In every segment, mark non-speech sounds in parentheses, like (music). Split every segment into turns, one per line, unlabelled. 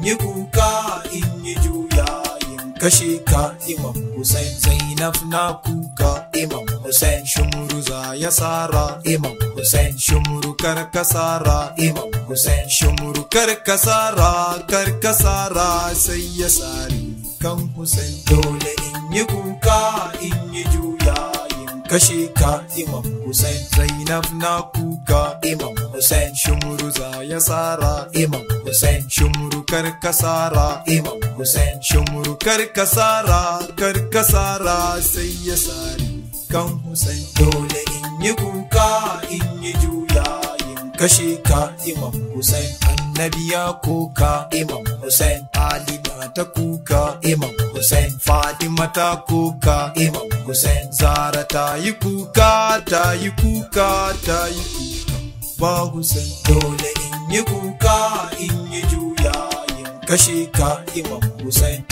yi kuka in juya in kashe ka imam Hussein Zainab na kuka imam Hussein shumuru za sara imam Hussein shumuru kar kasara imam Hussein shumuru kar kasara kar sara, sai ya sari kan Hussein dole in yi kuka in yi juya in kashe ka imam Hussein Zainab na kuka ka Imam Hussein shumuru zaya ya sara Imam Hussein Shumru kar kasara Imam Hussein Shumru kar kasara kar kasara sai ya sari kan Hussein dole in yi kuka in yi juya yin kashe ka Imam Hussein annabi ya koka Imam Hussein Ali ta kuka Imam Hussein Fatima ta kuka Imam Hussein Zara ta yi kuka ta yi kuka ta yi kuka ba san dole in yi kuka in yi juya in kashe ka Imam Hussein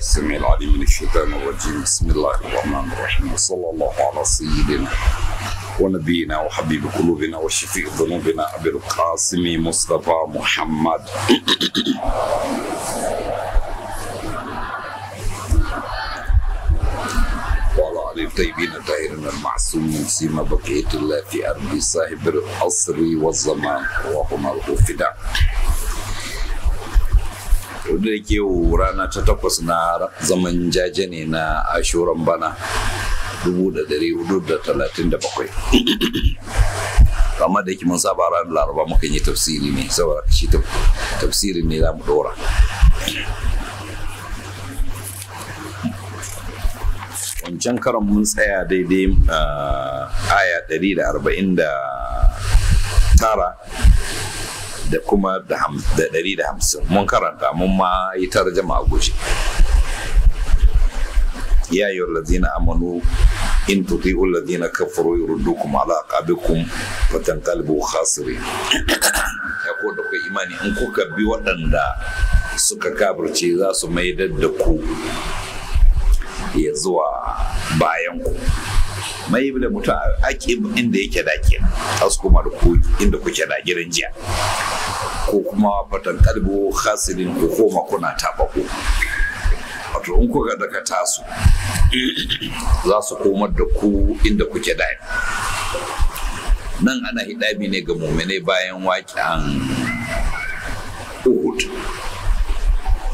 السميع العليم من الشيطان الرجيم بسم الله الرحمن الرحيم وصلى الله على سيدنا ونبينا وحبيب قلوبنا وشفيع ذنوبنا أبي القاسم مصطفى محمد وعلى آل الطيبين الطاهرين المعصومين سيما بقية الله في أرض صاحب العصر والزمان وهما الوفداء da ke rana ta takwas na zaman jaje ne na ashuran bana 1437 amma da yake mun saba ranar laraba muka yi tafsiri ne saboda shi tafsirin ne za mu dora wancan karan mun tsaya daidai ah, aya 149 da kuma da ɗari da hamsin mun karanta mun ma yi tarjama a guje ya yi lazina amanu in tuti ulazina rudu kuma ala fatan fatanqalibu khasirin ya ko da kai imani in kuka bi waɗanda suka kafirce za su maidar da ku ya zuwa bayan ku mai yi mutu a ake inda yake da ke kuma ku inda kuke da girin jiya ko kuma fatan kalbo hasirin ko koma kuna tabako wato in kuka daga tasu za su komar da ku inda kuke da nan ana hidabi ne ga muminai bayan waƙen uhud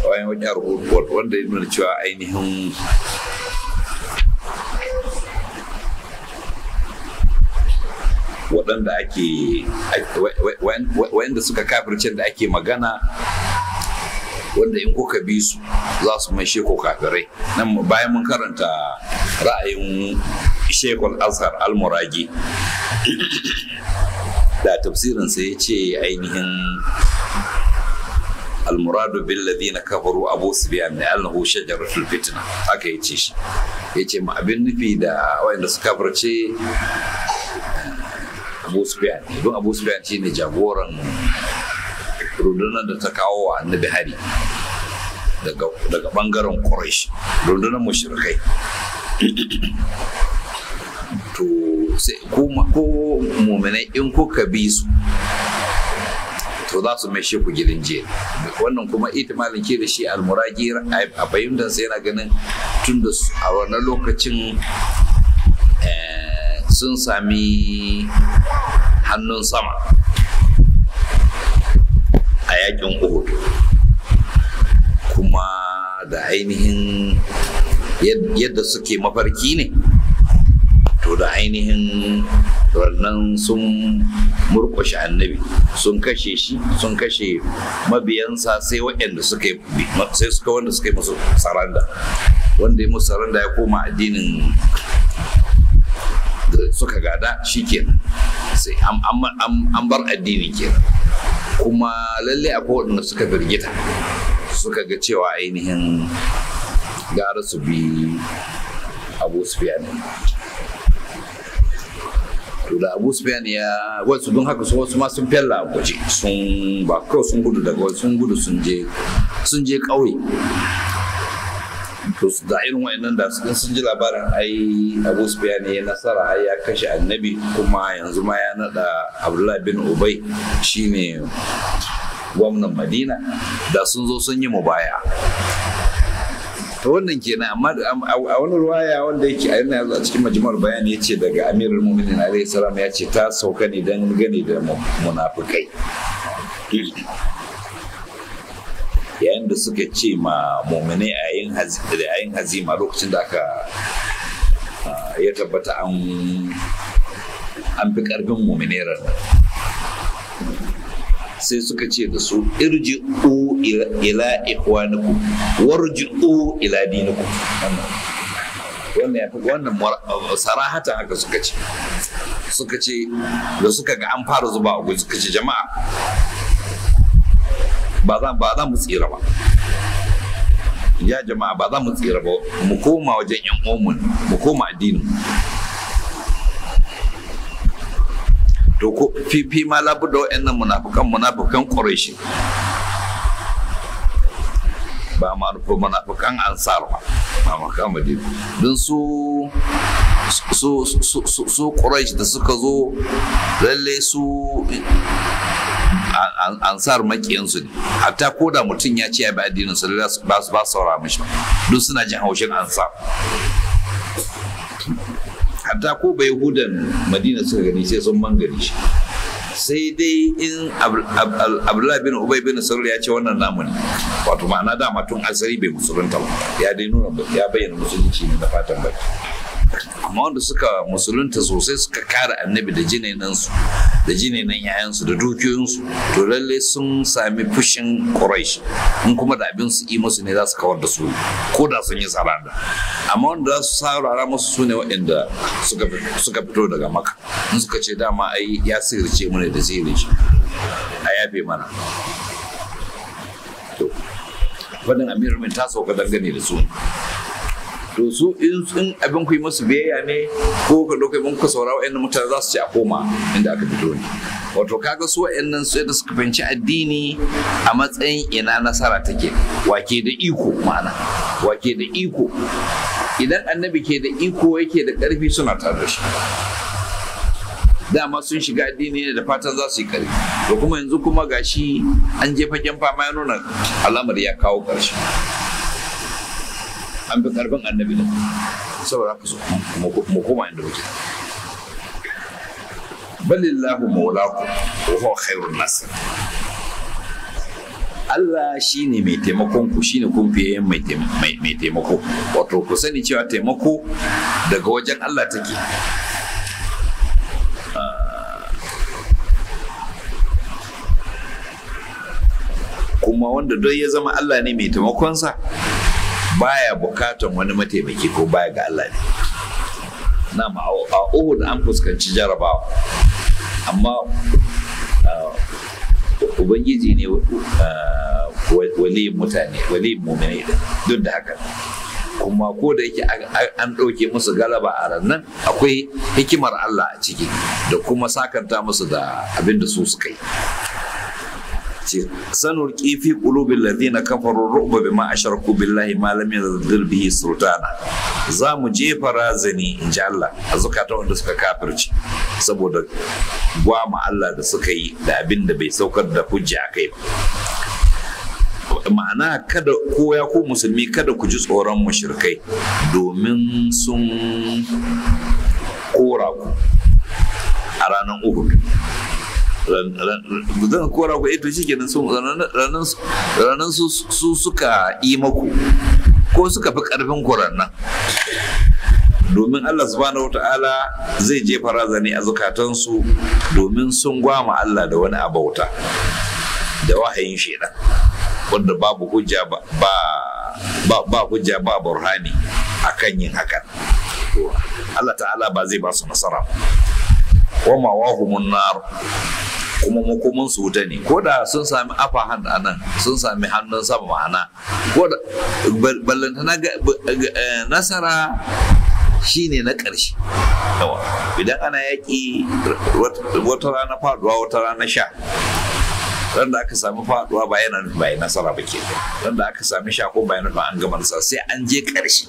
bayan waƙen uhud wanda ya nuna cewa ainihin waɗanda ake suka kafirce da ake magana wanda in kuka bi su za su mai sheko kafirai nan bayan mun karanta ra'ayin shekul azhar almuragi da tafsirinsa ya ce ainihin almuradu na kafaru abu sufiyan ne annahu shajaratul fitna haka yace shi yace ma abin nufi da wayanda suka farce abu sufyan don abu sufyan ne jagoran rundunar da ta kawo wa annabi hari daga bangaren Quraysh rundunar mushrikai to sai ko muminai in kuka bi su to za su shi ku gidan jiya wannan kuma ita itimalin ke da shi almuragi a fahimtar sai yana ganin tun da a wannan lokacin eh, sun sami hannun sama a yakin uhud kuma da ainihin yadda suke mafarki ne to da ainihin rannan sun murkushe annabi sun kashe shi sun kashe mabiyansa sai waɗanda suka sai suka wanda suka yi musu saranda wanda ya musu saranda ya koma addinin suka gada shi sai an bar addini kenan kuma lalle a waɗanda suka birgita suka ga cewa ainihin gara su bi abu su to da abu ya wasu don haka wasu ma sun fella waje sun ba kawai sun gudu daga sun gudu sun je sun je ƙauye to da irin wa'annan da su sun ji labarin ai abu sufiyan ya nasara ai ya kashe annabi kuma yanzu ma ya nada abdullahi bin ubay shine gwamnan madina da sun zo sun yi mubaya ta wannan kenan amma a wani ruwaya wanda yake a yanzu a cikin majimar bayani ya ce daga amirul muminin alaihi salam ya ce ta sauka ne don gani da munafukai da suka ce ma mummune a yayin hazima lokacin da aka ya tabbata an fi ƙarfin mummune ranar sai suka ce da su irji'u ila warji warji'u ila dinikum wannan ya wannan sarahatan haka suka ce suka ce da suka ga an fara zuba a suka ce jama'a ba za ba za mu tsira ba ya jama'a ba za mu tsira ba mu koma wajen yan uwanmu mu koma addinin to ko fifi ma labu da wa'annan munafukan munafukan quraishi ba ma rufe munafukan ansar ba ba ma madina don su su su su quraish da suka zo lalle su ansar makiyansu ne hatta ko da mutum ya ce ya bi addinin su ba su ba saura mishi duk suna jin haushin ansar hatta ko bai hudan madina suka gani sai sun mangare shi sai dai in abdullahi bin ubay bin sarur ya ce wannan namu ne wato ma'ana dama tun asari bai musulunta ba ya dai nuna ya bayyana musulunci ne na fatan baki amma wanda suka musulunta sosai suka kare annabi da jinenansu da jinenan yayansu da dukiyoyinsu to lallai sun sami fushin quraish in kuma da abin su yi musu ne za su kawar da su ko da sun yi sarada amma wanda za su saurara musu su ne waɗanda suka fito daga maka in suka ce dama ai ya sirrice mu ne da sirrice a yafe mana to fadin amir ta sauka dangane da su to su in abin ku yi musu biyayya ne ko ka ɗauka mun ku saurawa yan mutane za su ci a koma inda aka fito ne wato kaga su wa'annan su da suka fahimci addini a matsayin ina nasara take wake da iko ma'ana wake da iko idan annabi ke da iko yake da ƙarfi suna tare shi dama sun shiga addini ne da fatan za su yi kare to kuma yanzu kuma gashi an je fagen fama ya nuna alamar ya kawo ƙarshe an bi karfin annabi da saboda haka su mu koma inda muke balillahu maulaku wa huwa khairun nasir Allah shi ne mai taimakon ku shi ne kun fiye mai taimako wato ku sani cewa taimako daga wajen Allah take kuma wanda dai ya zama Allah ne mai taimakonsa baya bukatan wani mataimaki ko baya ga Allah ne na a da an fuskanci jarabawa amma ubangiji ne wali mutane waliyin mumini duk da haka kuma ko da yake an ɗauke musu galaba a rannan akwai hikimar Allah a ciki da kuma sakanta musu da abin da su suka yi ce sanulqi fi qulubil ladina kafarun ru'ba bima asharku billahi malam ya yanzil bihi sultana za mu jefa razani in ji Allah a zukata wanda suka kafirci saboda gwama Allah da suka yi da abin da bai saukar da hujja a kai ba ma'ana kada ko ko musulmi kada ku ji tsoron mushrikai domin sun kora ku a ranar uku. zan kora ku ito eh, shi kenan sun ranar su suka yi maku ko suka fi ƙarfin nan? domin Allah subhanahu zai zai jefa razani a zukatansu domin sun gwama Allah da wani abauta da wahayin shaidan wanda babu hujja ba ba hujja ba burhani akan yin hakan Allah ta'ala ba zai ba su nasara wa wahumun nar kuma makoman su wuta ne ko da sun sami afa hand a nan sun sami hannun sama ma'ana ko da ballanta eh, nasara shine na ƙarshe yawa idan ana yaƙi wata rana faduwa wata rana sha ran da aka sami faduwa ba yana nufin bai nasara ba ke ran da aka sami sha ko bai nufin an gama nasara sai an je ƙarshe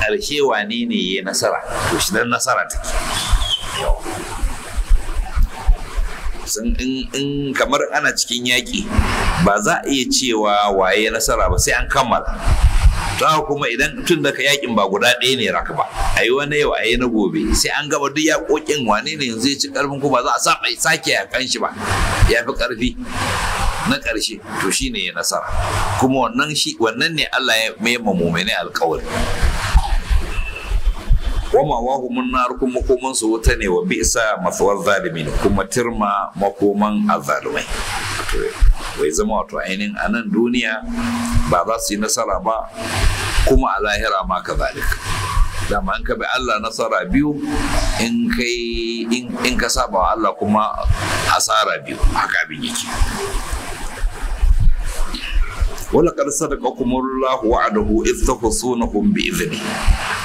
ƙarshe wane ne ya nasara to shi nan nasara take yawa in kamar ana cikin yaƙi ba za a iya cewa waye nasara ba sai an kammala ta kuma idan tun daga yakin ba guda ɗaya ne raka ba a yi wani yau a yi na gobe sai an gaba duk yaƙoƙin wane ne yanzu ya ci ƙarfin ku ba za a sake yakan shi ba ya fi ƙarfi na ƙarshe to shi ne ya nasara kuma wannan ne Allah ya mai ne alƙawari wa mun nar kuma makoman su wuta ne wa bisa zalimi zalimin kuma tirma makoman azalumai wai zama wato ainihin a nan duniya ba za su yi nasara ba kuma a lahira ma ka zalika dama an ka bi Allah nasara biyu in kai in ka saba wa Allah kuma asara biyu haka abin yake ولقد صدقكم الله وعده إذ تخصونهم بإذنه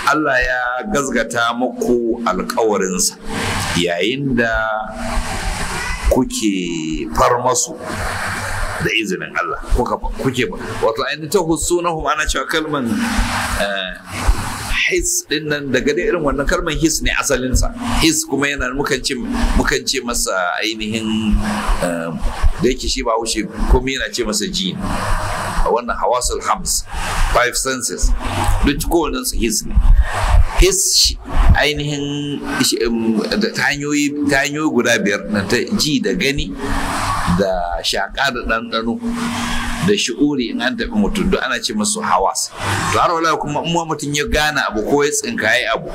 Allah ya gazgata muku alkawarinsa yayin da kuke far masu da izinin Allah kuke ba? wato ainihin ta husu na ana cewa kalman eh, his din nan daga da irin wannan kalmar his ne asalinsa his kuma yana mukan ce mukan ce masa ainihin eh, da yake shi ba wuce komai yana ce masa jin wannan hawasul hams five senses duk kowannen su his ne his ainihin ta hanyoyi guda biyar ta ji da gani da shaƙa da ɗanɗano da shi'uri in an tafi mutum da ana ce musu hawas to har wala kuma in mutum ya gane abu ko ya tsinkaye abu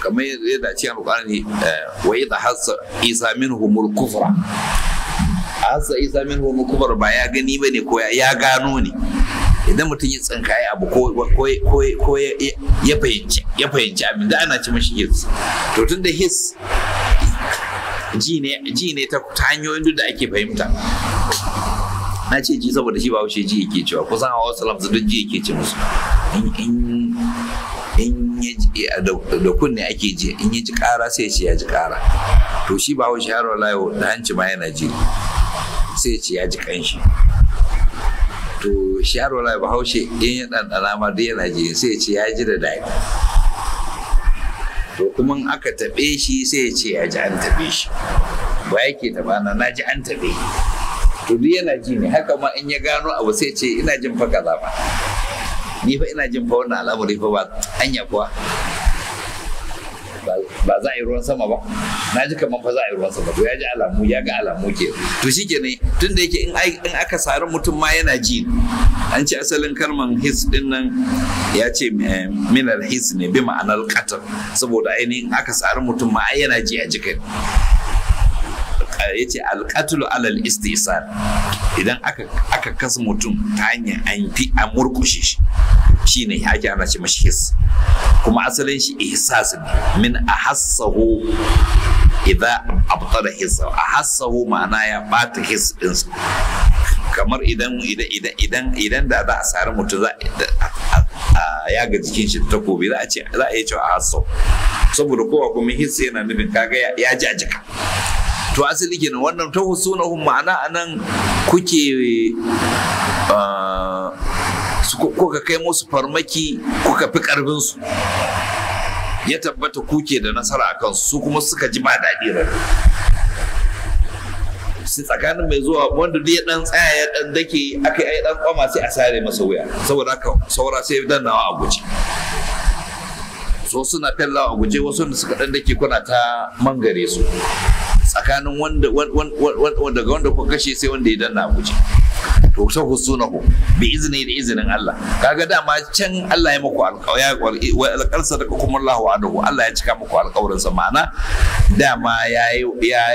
kamar yadda ce ne eh, wa da hasa isa min minhumul kufra hasa isa min minhumul kufra ba ya gani ba ne ko ya gano ne idan mutum ya tsinkaye abu ko ya fahimci abin da ana ci mashi his to tun da his ji ne ji ne ta hanyoyin duk da ake fahimta na ce ji saboda shi ba wuce ji yake cewa kusan hawa salam su duk ji yake ce musu in ya ji da kunne ake ji in ya ji kara sai ce ya ji kara to shi ba wuce yaro layo da hanci ma yana ji sai ce ya ji kanshi to shi yaro layo ba haushe in ya ɗanɗana ma duk yana ji sai ce ya ji da daɗi to kuma aka taɓe shi sai ya ce ya an taɓe shi ba yake taɓa na na ji an taɓe to duk yana ji ne haka ma in ya gano abu sai ce ina jin fa kaza ba ni fa ina jin fa wannan al'amari fa ba anya kuwa ba za a yi ruwan sama ba na ji kamar fa za a yi ruwan sama to ya ji alamu ya ga alamu ke to kenan tun da yake in aka sari mutum ma yana ji an ce asalin kalman his din nan ya ce eh, minar his ne bi ma'anar qatar saboda ainihin aka sari mutum ma yana ji a jikin ya ce alƙatulu alal istisar idan aka kasa mutum ta hanyar an fi a murkushe shi shine ake ana shi mashi his kuma asalin shi ihsas ne min ahassahu idza abtara his ahassahu ma'ana ya bata his din kamar idan idan idan idan da za a sari mutum za a ya ga jikin shi ta kobe za a ce za a yi cewa ahassahu saboda kowa kuma his yana nufin kaga ya ji a jika to asali kenan wannan ta husunahum ma'ana anan kuke ah, kuka kai musu farmaki kuka fi ƙarfinsu ya tabbata kuke da nasara a kansu su kuma suka ji ba daɗi ba su tsakanin mai zuwa wanda duk ya dan tsaya ya dan dake aka yi dan kwama sai a sare masa wuya saboda haka saura sai nawa a guje so suna fellawa a guje wasu da suka dan dake kuna ta mangare su tsakanin wanda daga wanda kuka kashe sai wanda ya danna a guje to suna ku bi izini da izinin Allah kaga dama can Allah ya muku alƙawari eh, wa alƙalsa da kuma Allah adahu Allah ya cika muku alƙawarin sa ma'ana dama yayi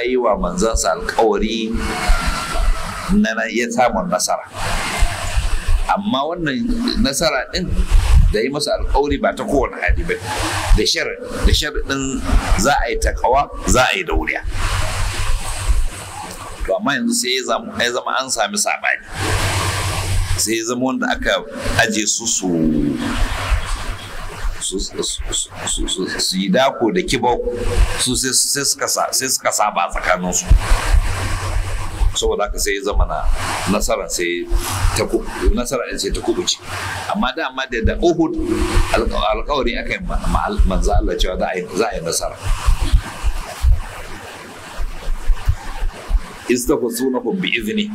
yi wa sa alƙawari na ya samun nasara amma wannan nasara din da yi masa alƙawari ba ta kowane hali ba da din za a yi takawa za a yi dauriya to amma yanzu sai ya zama an sami sabani sai ya zama wanda aka aje su su su yi dako da kibau su sai suka saba tsakaninsu saboda haka sai ya zama na nasara sai ta kubuce amma da amma da da Uhud alkawari aka yi manzo Allah cewa za a yi nasara ku bi izini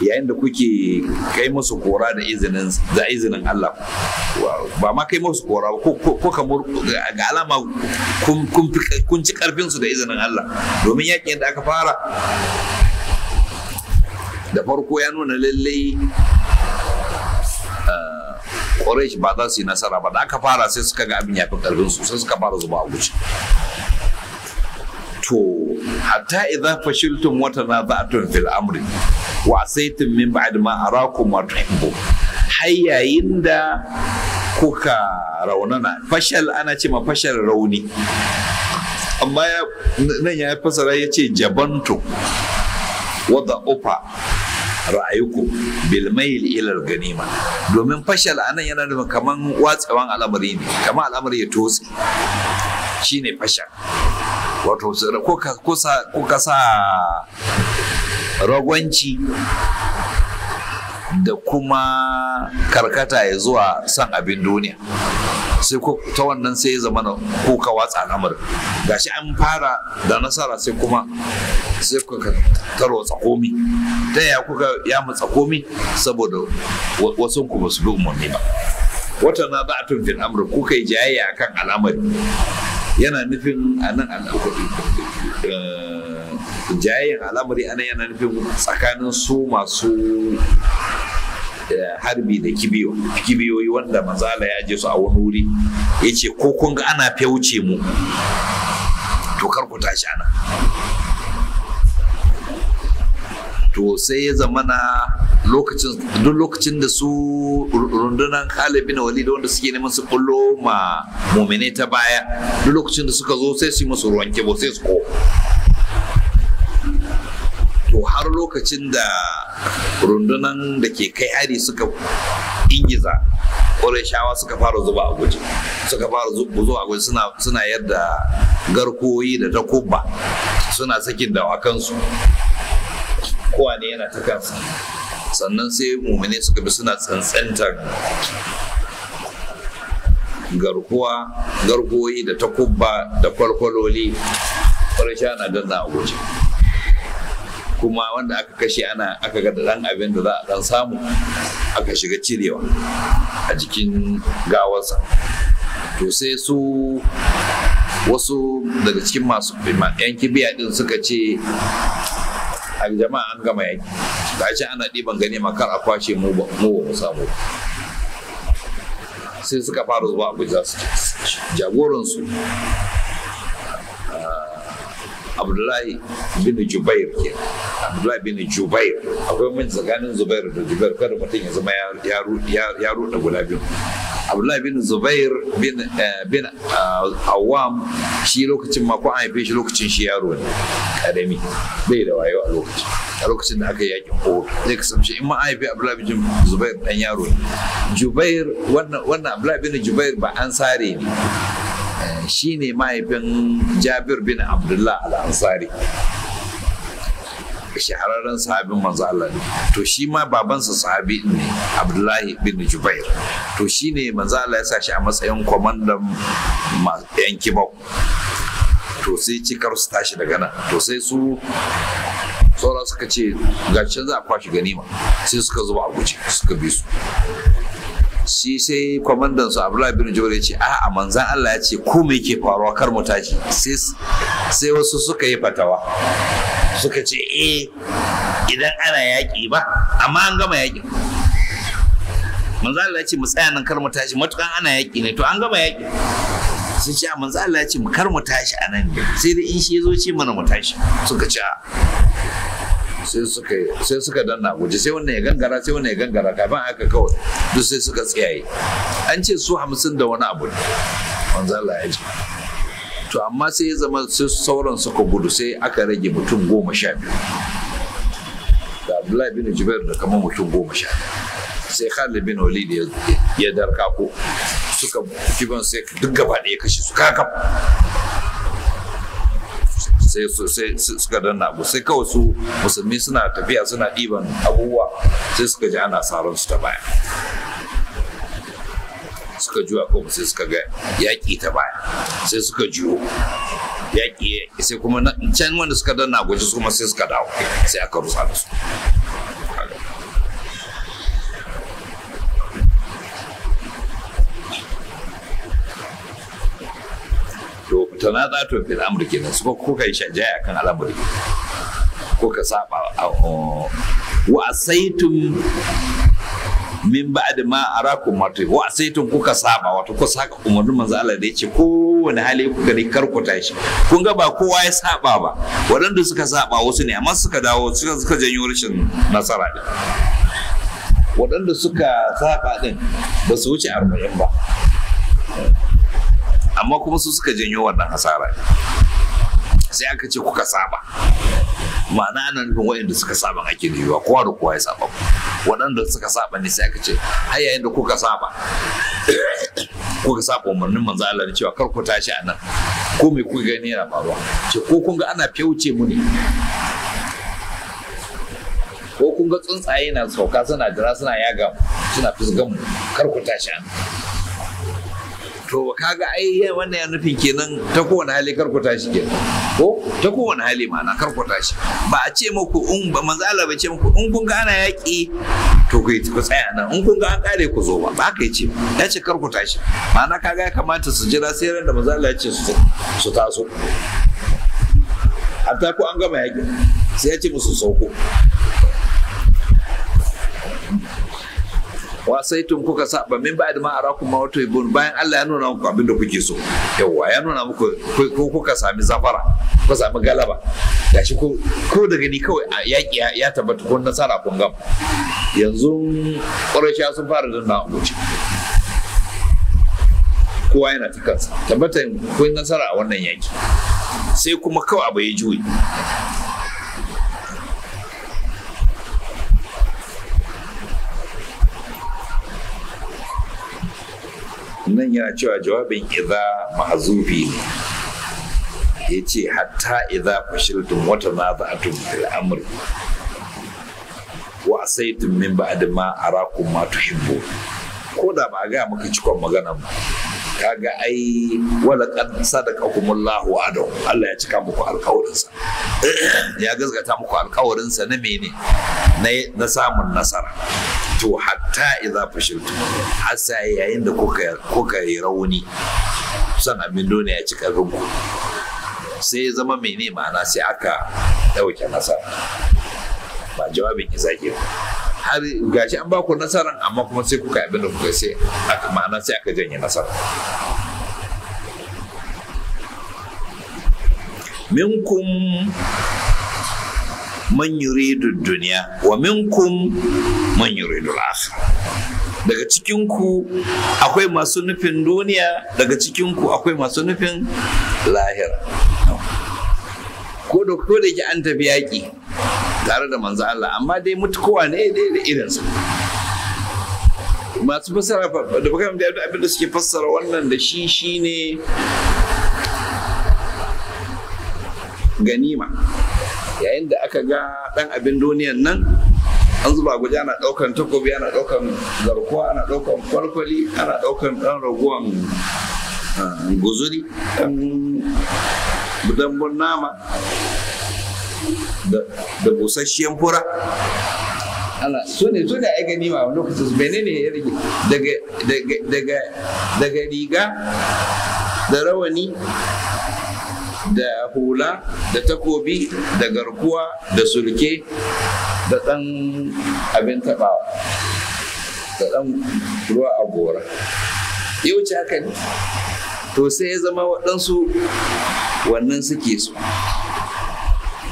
yayin da kuke kai musu kora da izinin za izinin Allah ba ma kai musu kora ko ko kamar ga alama kun kun kun ci karfin su da izinin Allah domin yakin da aka fara da farko ya nuna lallai ah, Quraysh ba za su yi nasara ba da aka fara sai suka ga abin ya fi karfin su sai suka fara zuba a guji to hatta idza fashiltum wa tanaza'tum fil amri wa asaytum min ba'd ma arakum ma tuhibbu har yayin da kuka raunana fashal ana ce ma fashal rauni amma nan ya fasara ya ce jabantu wadda ufa ra'ayuku bil mail ilal ganima domin fashal anan yana da kaman watsawan al'amari ne kaman al'amari ya tosi shine fashal wato ko ka sa ragwanci da kuma karkata ya zuwa son abin duniya sai ko ta wannan sai ya zama ko ka watsa Ga gashi an fara da nasara sai kuma sai kuka taro tsakomi ta ya kuka mu tsakomi saboda wasu ku ba su bi umarni ba wata na za a tumfin amur kuka yi jayayya kan al'amari yana nufin a nan eh, jayayin al'amari ana yana nufin tsakanin su masu eh, harbi da kibiyoyi wanda mazala ya je su a wani wuri ya ce ko kun ga ana fyauce mu to kar ku tashi ana to sai ya zamana lokacin duk lokacin da su rundunar Khalid bin Walid wanda suke neman su kullo ma mumine ta baya duk lokacin da suka zo sai su yi musu ruwan kebo sai su ko to har lokacin da rundunan da ke kai hari suka ingiza shawa suka fara zuba a guji suka fara zuwa a suna suna yadda garkoyi da takubba suna sakin dawakansu kowane yana ta sannan sai mumine suka bi suna tsantsantar garkuwa garkuwoyi da takubba da kwalkwaloli sha na danna a kuma wanda aka kashe ana aka ga dan abin da za a dan samu aka shiga cirewa a jikin gawarsa to sai su wasu daga cikin masu yan kibiya din suka ce a jama'a an gama yaki gashi ana ɗiban gani makar a kwashe mu ba mu samu sai suka fara zuwa abuja su jagoransu ah, abdullahi bin jubair ke abdullahi bin jubair akwai mun tsakanin zubair da jubair kada mutum ya zama ya ruɗa guda biyu abdullahi bin zubair bin eh, bin eh, awam shi lokacin ma an haife shi lokacin shi yaro ne karami bai da wayo a lokacin a lokacin da aka yi yakin ko zai kasance in ma an haife abdullahi bin zubair dan yaro ne jubair wannan wannan abdullahi bin jubair ba an sare ne eh, shi ne mahaifin jabir bin abdullah al-ansari haka shahararren sahabin manzo Allah ne to shi ma babansa sahabi ne Abdullahi bin Jubair to ne manzo Allah ya sa shi a matsayin kwamandan yan kibau to sai cikar su tashi daga nan to sai su sauran suka ce ga can za a kwashi ganima sai suka zuba a guje suka bi su shi sai kwamandan su abdullahi bin jubair ya ce a manzan Allah ya ce ko me ke faruwa kar mu tashi sai wasu suka yi fatawa suka ce eh idan ana yaƙi ba amma an gama yaƙi manzan Allah ya ce mu tsaya nan kar mu tashi matukan ana yaƙi ne to an gama yaƙi sun ce a manzan Allah ya ce mu kar mu tashi a nan sai dai in shi ya zo ce mana mu tashi suka ce sai suka sai suka danna guje sai wannan ya gangara sai wannan ya gangara kafin haka kawai duk sai suka tsayaye an ce su hamsin da wani abu ne wanzu Allah ya ji to amma sai ya zama sauran suka gudu sai aka rage mutum goma sha biyu da Abdullahi bin Jubair da kamar mutum goma sha sai Khalid bin Walid ya darka ko suka kiban sai duk gaba ɗaya kashe su kakam. sai su sai suka danna abu sai kawai su musulmi suna tafiya suna ɗiban abubuwa sai suka ji ana saran su ta baya suka juwa ko sai suka ga yaƙi ta baya sai suka juyo yaƙi sai kuma can wanda suka danna gwaji su kuma sai suka dawo sai aka rusa da su to fil amri kenan su ko kai shajaya kan al'amuri? ko ka saba wa asaitum min ba'd ma arakum matu wa asaitum kuka saba wato ko saka umarnin manzo Allah da yace wani hali kuka ne karkuta shi kun ga ba kowa ya saba ba waɗanda suka saba wasu ne amma suka dawo suka suka janyo rashin nasara ne waɗanda suka saba din ba su wuce arba'in ba amma kuma su suka janyo wannan hasara sai aka ce kuka saba ma'ana ana nufin wayanda suka saba ake nufewa kowa da kowa ya saba waɗanda suka saba ne sai aka ce har yayin da kuka saba kuka saba umarnin manzo Allah ne cewa kar ku tashi a nan ko me kuka gani yana faruwa ce ko kun ga ana fyauce mu ne ko kun ga tsuntsaye na sauka suna jira suna yaga suna fisgan mu kar ku tashi a nan to kaga ai wannan ya nufin kenan ta kowane hali kar shi tashi kenan ko ta kowane hali ma'ana kar ku tashi ba a ce muku in ba manzo ba bai ce muku in kun ga ana yaƙi to ku ku tsaya nan in kun ga an kare ku zo ba ba ka ce ya ce kar shi ma. ma'ana kaga ya kamata su jira sai ran da manzo ya ce su su taso hatta ku an gama yaƙi sai ya ce musu sauko wasaitun kuka saba min ba da ma'arakum ma wato ibun bayan Allah ya nuna muku abin da kuke so yawa ya nuna muku ko kuka sami zafara kuka sami galaba gashi ko ko da gani kawai a yaƙi ya tabbata ko nasara kun gam? yanzu ƙwarashiya sun fara danna abuci kowa yana ta kansa tabbata kun nasara a wannan yaƙi sai kuma kawai abu ya juyi nan yana cewa jawabin idza mahzubi ne ya ce hatta idza fashiltum wata ma za'atum fil amri wa asaitum min ba'd ma arakum ma tuhibbu ko da ba a ga maka cikon maganan ba kaga ai wala sadaka sadaqakumullahu adu Allah ya cika muku sa (clears throat) ya gazgata muku sa na mene na samun nasara to hatta idza fashiltu hasa yayin da kuka kuka yi rauni san abin duniya ya cika binku. sai ya zama mene ma'ana sai aka dauke nasara ba jawabin ki zaki ba har gashi an ba ku nasarar amma kuma sai kuka abin da kuka sai ma'ana sai aka janye nasara minkum man yuridu duniya wa minkum man yuridu al-akhirah daga cikinku akwai masu nufin duniya daga cikinku akwai masu nufin lahira ko da ko an tafi yaƙi tare da manzo Allah amma dai mutukowa ne dai da irinsa masu fassara da baka da abin da suke fassara wannan da shi shine ganima yayin da aka ga dan abin duniyan nan an zuba guji ana daukan takobi ana daukan garkuwa ana daukan kwalkwali ana daukan dan raguwan ah, guzuri dan budan nama da busasshen fura Allah su ne su ne ai nima ma lokacin su menene ya rige daga riga da rawani da hula da takobi da garkuwa da sulke da ɗan abin taɓawa da ɗan ruwa a gora ya wuce haka ne to sai ya zama waɗansu wannan suke su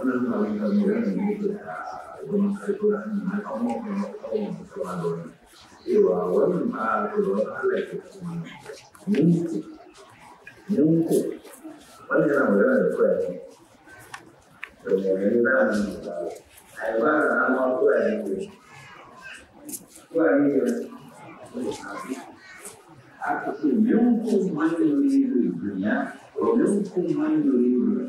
Aku memang kumandiri dunia, memang kumandiri dunia.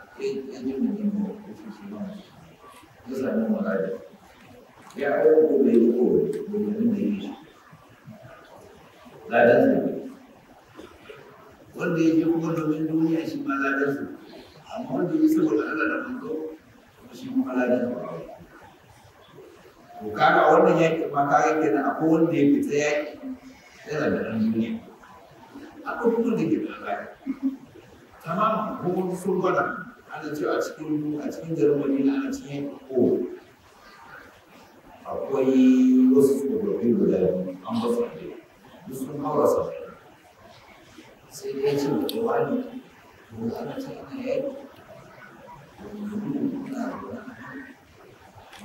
Islam mu ada.
Ya Allah tu bersyukur dengan diri.
Ladan tu. Wanda ya kuma domin duniya shi ma ladan su, amma wanda ya saboda Allah da manzo shi kuma ladan su. To kaga wannan yaki ma kaga kenan akwai wanda ya fita yaki yana da ɗan duniya. Akwai kuma da ke da ladan. Tamam, hukumar sun gwada. ana ce a cikin a cikin jarumani cikin ko
akwai wasu tsofaffi guda biyu an ba su ne duk sun haura sa sai ya ce da kowa ne
ko ana ce ana yaki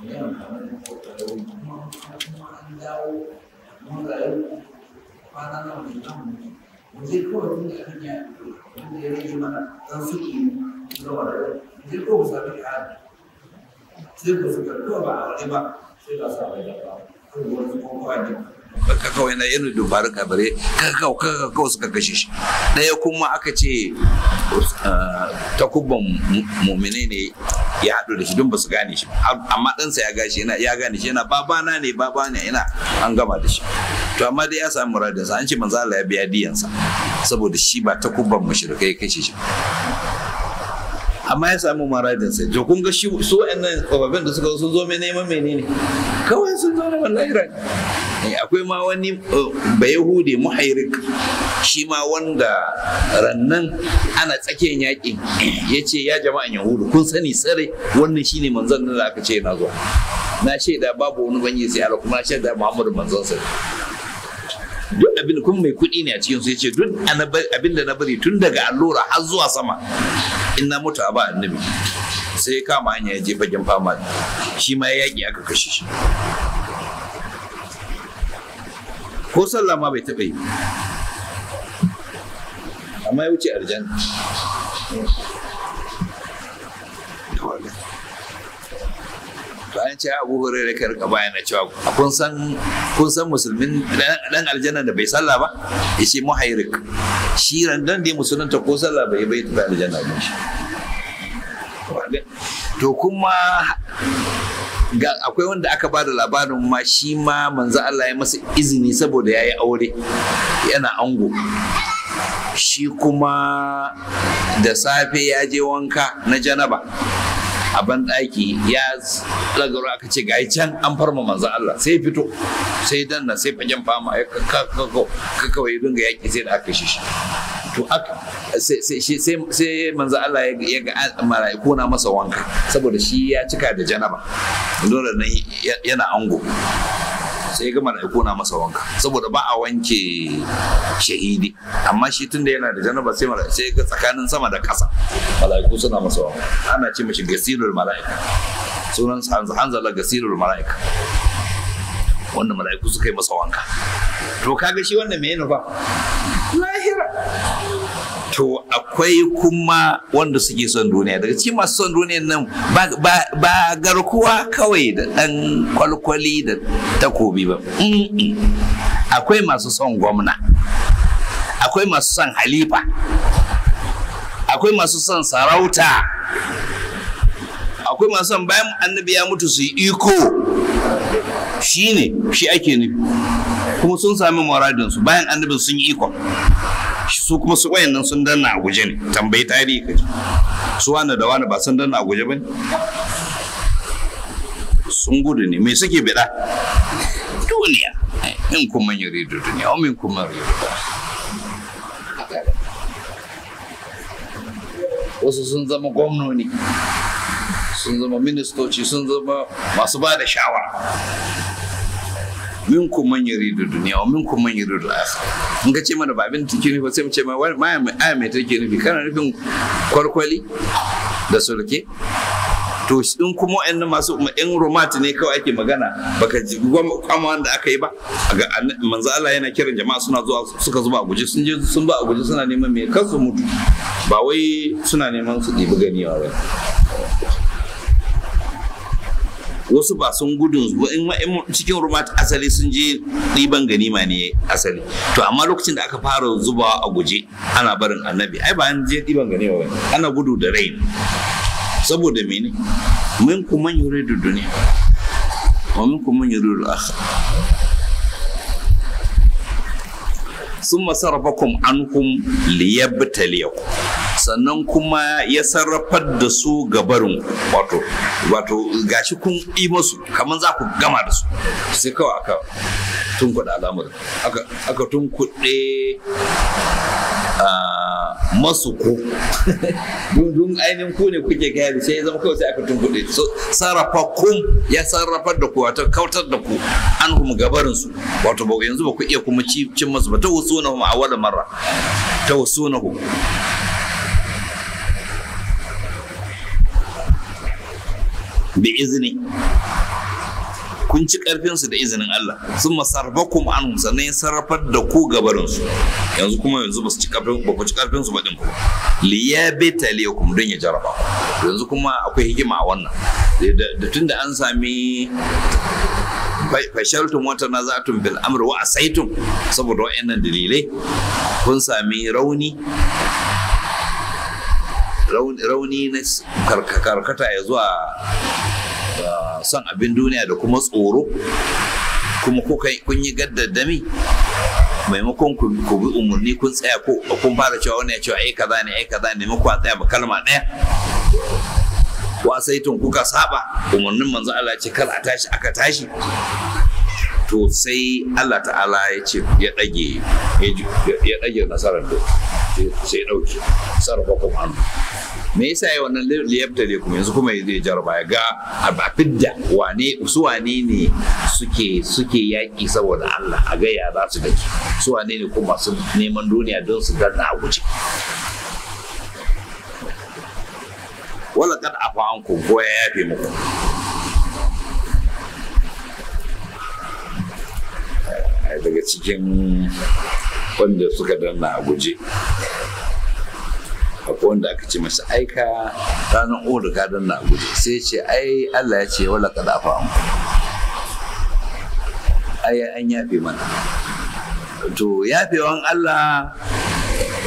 Zai kawai tun da hanya wanda ya rage mana don suke zama da rai idan ko musa bi hali sai ku suka ko ba a wani ba sai ga sa bai da ko wani ko kwani ka kawai na irin dubarun kabare ka kawai suka kashe shi ɗaya kuma aka ce uh, takubban mumine ne ya haɗu da shi don ba su gane shi amma ɗansa ya gashi yana ya gane shi yana babana ne babana yana an gama da shi to amma dai ya samu muradinsa an ce manzala ya biya diyansa saboda shi ba takubban mashirikai kashe shi amma ya samu maradin sai to kun ga shi su wa'annan tsofaffin da suka sun zo mai neman menene kawai sun zo neman lahira eh, akwai ma wani eh, bayahude muhairik shi ma wanda rannan ana tsakiyar yaƙi ya ce ya jama'an yahudu kun sani tsare wannan shine manzon da aka ce na zo na shaida babu wani banye sai Allah kuma na shaida Muhammadu manzon sai duk abin kun mai kuɗi ne a cikin su ya ce duk abin da na bari tun daga allura har zuwa sama in na mutu a ba annabi sai kama hanya ya je fagen fama shi ma ya yaƙi aka kashe shi ko sallah ma bai taɓa yi amma ya wuce aljanna ce abu hurairar kai rika bayana cewa kun san kun san musulmin dan aljanna da bai sallah ba ya ce muhairik shi randan da musulunta ko sallah bai bai ta aljanna ba shi to kuma ga akwai wanda aka ba da labarin ma shi ma manzo Allah ya masa izini saboda ya yi aure yana ango shi kuma da safe ya je wanka na janaba a banɗaki ya lagaro aka ce gai can an farma manzan Allah sai fito sai danna sai fagen fama ya kawai ya dinga yaƙi sai da aka shi shi to sai manzan Allah ya ga mala'iku na masa wanka saboda shi ya cika da janaba dole nan yana ango sai ga mala'iku kona masa wanka saboda ba a wanke shahidi amma shi da yana da janaba sai mala'iku sai ga tsakanin sama da ƙasa mala'iku suna masa wanka ana ce mashi gasirul mala'ika sunan hanzala gasirul mala'ika wanda mala'iku suka yi masa wanka to kaga shi wannan me yana ba lahira to akwai kuma wanda suke son duniya daga cikin masu son duniya nan ba garkuwa kawai da ɗan kwalkwali da takobi ba akwai masu son gwamna akwai masu son halifa akwai masu son sarauta akwai masu son bayan annabi ya mutu su iko shi ne shi ake nufi kuma sun sami muradinsu bayan annabin sun yi iko su kuma su wayannan sun danna a guje ne tambayi tarihi kaji su wani da wani ba sun danna a guje ba ne sun gudu ne me suke bida duniya in kuma yi rido duniya omin min kuma yuri wasu sun zama gwamnoni sun zama ministoci sun zama masu ba da shawara min kuma yi rido duniya omin min kuma yi da akhirah an ka ce mana ba abin da take nufi sai mu ce mai aya mai take nufi kana nufin kwalkwali da sulke to in kuma wa'in masu in romat ne kawai ake magana baka ji kwamo wanda aka yi ba ga manzo Allah yana kiran jama'a suna zuwa suka zuba a guje sun je sun ba a guje suna neman me kansu mutu ba wai suna neman su ɗibi ganiyawa ba wasu ba sun gudun in cikin rumat asali sun je ɗiban ganima ne asali to amma lokacin da aka fara zubawa a guje ana barin annabi ai ba an je ɗiban ganima ba ana gudu da rai saboda mene min kuma yuridu duniya wa min kuma yuridu akhirah ثم صرفكم عنكم ليبتليكم sannan kuma ya sarrafar da su ga barin wato wato gashi kun yi musu kamar za ku gama da su sai kawai aka tunkuɗe al'amarin aka aka tunkuɗe ah, masu ko Dundun (laughs) ainihin ku ne kuke gaya sai ya zama kawai sai aka tunkuɗe so sarrafa kun ya sarrafar da ku wato kautar da ku an kuma gabarin su wato ba yanzu ba ku iya kuma cin masu ba ta wasu na a wadda mara ta wasu na da izini kun ci ƙarfinsu da izinin Allah sun masarbakum anhum sannan ya sarrafar da ku gabarinsu yanzu kuma yanzu ba su ci ku ci ƙarfinsu ba ɗin ku kuma don ya jaraba yanzu kuma akwai hikima a wannan da tunda an sami fashaltum wata zatun bil amr a saitun saboda wa'annan dalilai kun sami rauni rauni na karkata ya zuwa ah, son abin duniya da kuma tsoro kuma kun yi gaddadami maimakon ku bi umarni kun tsaya ko kun fara cewa wani ya cewa ai kaza ne ai kaza ne muku tsaya ba kalma ɗaya wasaitun kuka saba umarnin manzo Allah ce kar a tashi aka tashi to sai Allah ta'ala ya ce ya ɗage ya ɗage nasarar da sai ɗauke sarrafa kuma an me yasa ya wannan ne kuma yanzu kuma zai jarba ya ga a da wane su wane ne suke suke yaƙi saboda Allah a ga ya za su dake su wane ne kuma su neman duniya don su danna a guje wala kad afa an ko ya yafe muku daga cikin wanda suka danna a guje a wanda aka ce masa aika ranar uru ka danna a guje sai ce ai Allah ya ce wala ka dafa an ai an yafe mana to yafewan Allah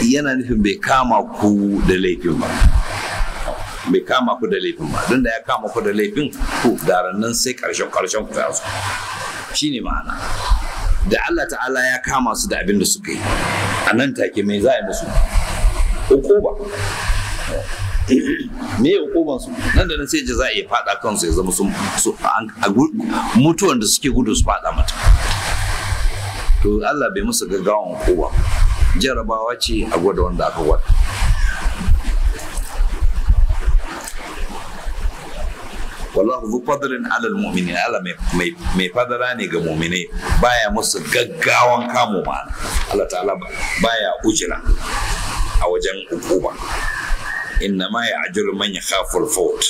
yana nufin bai kama ku da laifin ba bai kama ku da laifin ba don da ya kama ku da laifin ku da nan sai karshen karshen ku ya zo ne ma'ana da Allah ta'ala ya kama su da abin da suka yi a nan take mai za a yi musu ukuba (clears throat) me ukuban su nan da nan sai jaza faɗa fada kansu ya zama su mutuwan da suke gudu su faɗa mata to Allah bai musu gaggawan ukuba jarabawa ce a gwada wanda aka gwada wallahu zu fadlin alal mu'minin Ala mai mai ne ga mu'minai baya musu gaggawan kamo ma Allah ta'ala baya ujira a wajen hukuma inna ma ya'jul man yakhafu al-fawt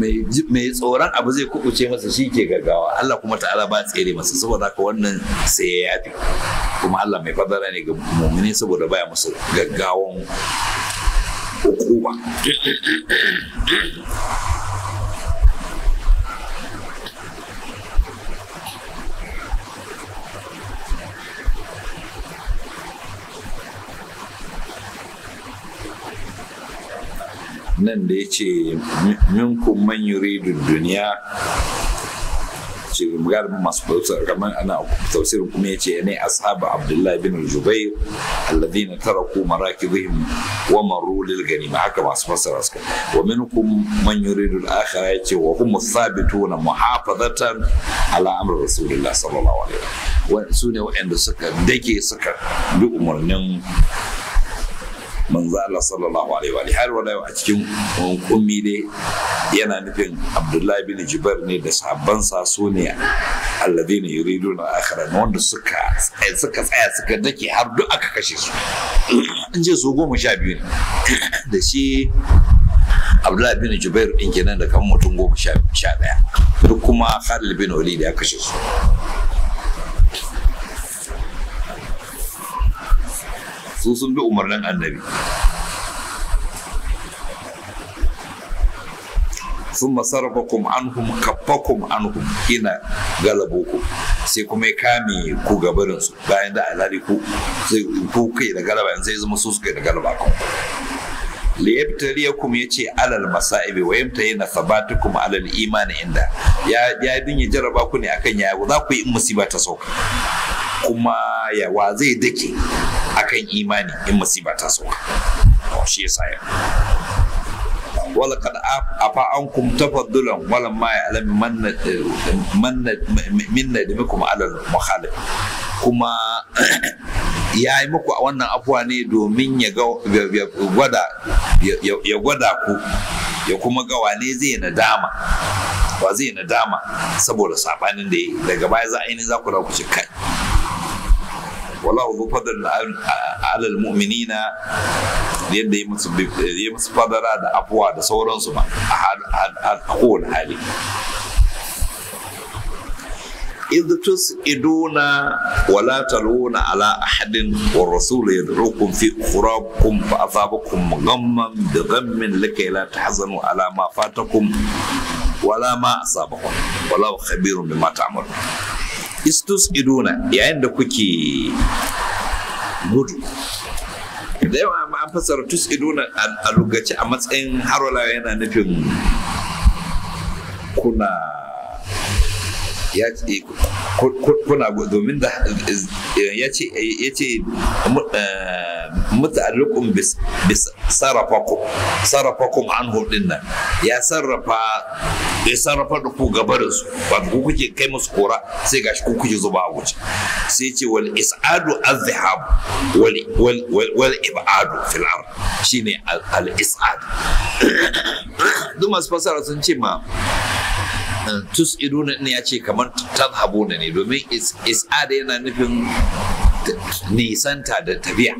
mai tsoron abu zai kubuce masa shi ke gaggawa Allah kuma ta'ala ba tsere masa saboda haka wannan sai ya yafi kuma Allah mai fadala ne ga mu'mini saboda baya musu gaggawan nan da ya ce minkum man yuridu duniya tafsirin galibin masu kamar ana tafsirin kuma yace ne ashabu abdullahi bin jubair alladhina taraku marakibihim wa maru lil ganima haka masu fassara suka wa minkum man yuridu al-akhirah yace wa hum thabituna muhafazatan ala amr rasulillah sallallahu alaihi wasallam su ne waɗanda suka dake suka bi umarnin manzo Allah sallallahu alaihi wa har wa a cikin ummi dai yana nufin Abdullahi bin Jubair ne da sahabbansa su ne alladhina yuriduna akhira wanda suka suka tsaya suka dake har duk aka kashe su an ce su goma sha biyu da shi Abdullahi bin Jubair din kenan da kan mutum goma sha ɗaya duk kuma Khalid bin Walid ya kashe su su sun bi umarnin annabi sun an kuma an kaffakum kina ina ku sai kuma ya kame ku gabarin su bayan da alhali ku sai ku kai da galaba yanzu ya zama su su kai da galaba kuma ya ce alal masa'ibi wa sabata kuma alal imani inda ya ya din ya jarraba ku ne akan ya za ku yi in musiba ta sauka kuma ya wa zai dake akan imani in musiba ta sauka oh, shi yasa ya wala kad afa ankum tafaddulan wala ma ya'lam manna minna da muku alal mukhalif kuma (clears throat) ya yi muku a wannan afuwa ne domin ya gwada ya ku ya kuma ga wane zai nadama wa zai nadama saboda sabanin da ya daga baya za a yi ne za ku ku ce kai والله ذو فضل على المؤمنين yadda ya musu ya musu fadara da afuwa da sauransu ma a kowane hali idh tus iduna wala taluna ala ahadin wa rasulu yad'ukum fi ukhrakum fa asabakum ghamman bi ghammin lakay la tahzanu ala ma fatakum wa la ma asabakum wa la khabirun bima ta'malun istus iduna yayin da kuke gudu da yawa an fasara tus iduna a lugaci a matsayin harola yana nufin kuna ya ce kuna domin da ya ce ya ce eh, muta'alliqun sarrafakum sarrafakum anhu dinnan ya sarrafa ya sarrafa da ku gaba da su wato ku kuke kai musu kora sai gashi ku kuke zuba a wuce sai ce wal is'adu azhab wal wal wal ibadu fil ard shine al is'ad (coughs) duk masu fasara sun ce ma tus tus'iruna ne ya ce kamar na ne domin is'ada yana nufin nisanta da tafiya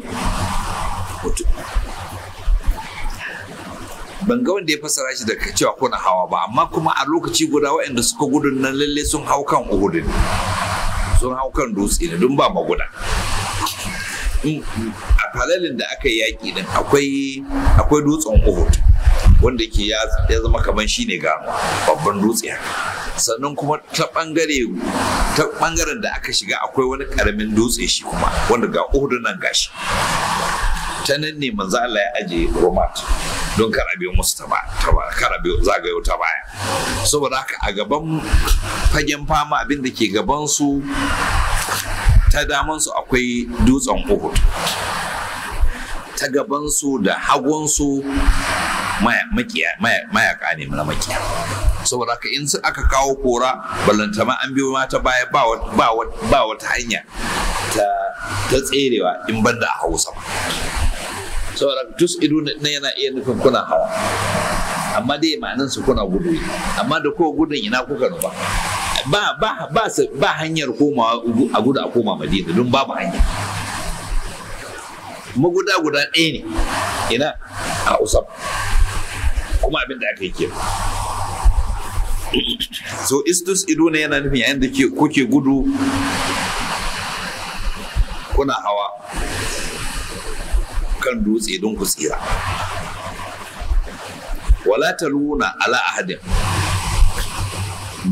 ban ga wanda ya fasara shi daga cewa kuna hawa ba amma kuma a lokaci guda waɗanda suka gudun nan lalle sun hau kan uhudin sun hau kan dutse ne don ba maguda mm, mm, a falalin da aka yaƙi din akwai dutsen uhud wanda yake ya zama kamar shi ne ga babban dutse sannan kuma ta bangare ta bangaren da aka shiga akwai wani karamin dutse shi kuma wanda ga uhudu nan gashi ta nan ne manzo Allah ya aje romat don kar abiyo musu ta ba kar zagayo ta baya saboda haka a gaban fagen fama abin da ke gaban su ta daman su akwai dutsen Uhud ta gaban su da hagun su mayaka ne na makiya saboda ka in aka kawo kora ma an biyo mata baya ba wata hanya ta tserewa in banda a hausa ba saboda tus ido na yana iya nufin kuna hawa amma dai ma'anin su kuna gudu amma da kowa gudun ina kuka nufa ba ba ba hanyar komawa a gudu a koma madina don babu hanya maguda guda ɗaya ne ina a usab kuma abin da aka yi kenan so istus iduna yana nufin yayin da kuke gudu kuna hawa kan dutse don ku tsira wala ta taluna ala ahadin